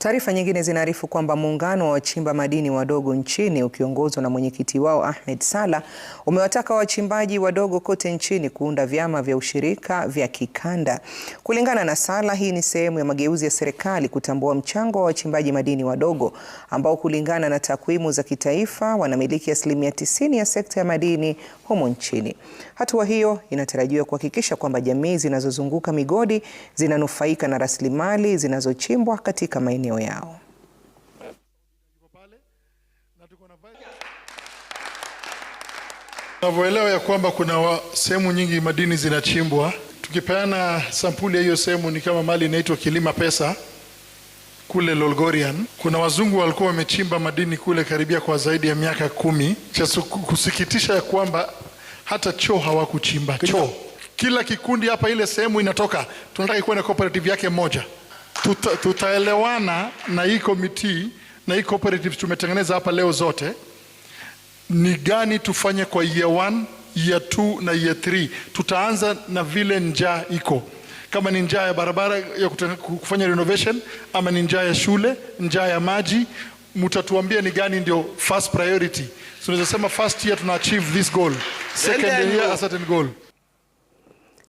Taarifa nyingine zinaarifu kwamba muungano wa wachimba madini wadogo nchini ukiongozwa na mwenyekiti wao Ahmed Sala umewataka wachimbaji wadogo kote nchini kuunda vyama vya ushirika vya kikanda. Kulingana na Sala, hii ni sehemu ya mageuzi ya serikali kutambua mchango wa wachimbaji madini wadogo ambao kulingana na takwimu za kitaifa wanamiliki asilimia tisini ya sekta ya madini humo nchini. Hatua hiyo inatarajiwa kuhakikisha kwamba jamii zinazozunguka migodi zinanufaika na rasilimali zinazochimbwa katika maeneo mioyo yao. Tunavyoelewa ya kwamba kuna sehemu nyingi madini zinachimbwa, tukipeana sampuli ya hiyo sehemu, ni kama mali inaitwa Kilima Pesa kule Lolgorian. Kuna wazungu walikuwa wamechimba madini kule karibia kwa zaidi ya miaka kumi. Cha kusikitisha ya kwamba hata choo hawakuchimba choo. Kila kikundi hapa, ile sehemu inatoka, tunataka ikuwe na cooperative yake moja tuta, tutaelewana na hii committee na hii cooperatives tumetengeneza hapa leo zote, ni gani tufanye kwa year 1, year 2 na year 3. Tutaanza na vile njaa iko kama ni njaa ya barabara ya kufanya renovation ama ni njaa ya shule, njaa ya maji, mtatuambia ni gani ndio first priority. So tunaweza sema first year tuna achieve this goal, second year a certain goal.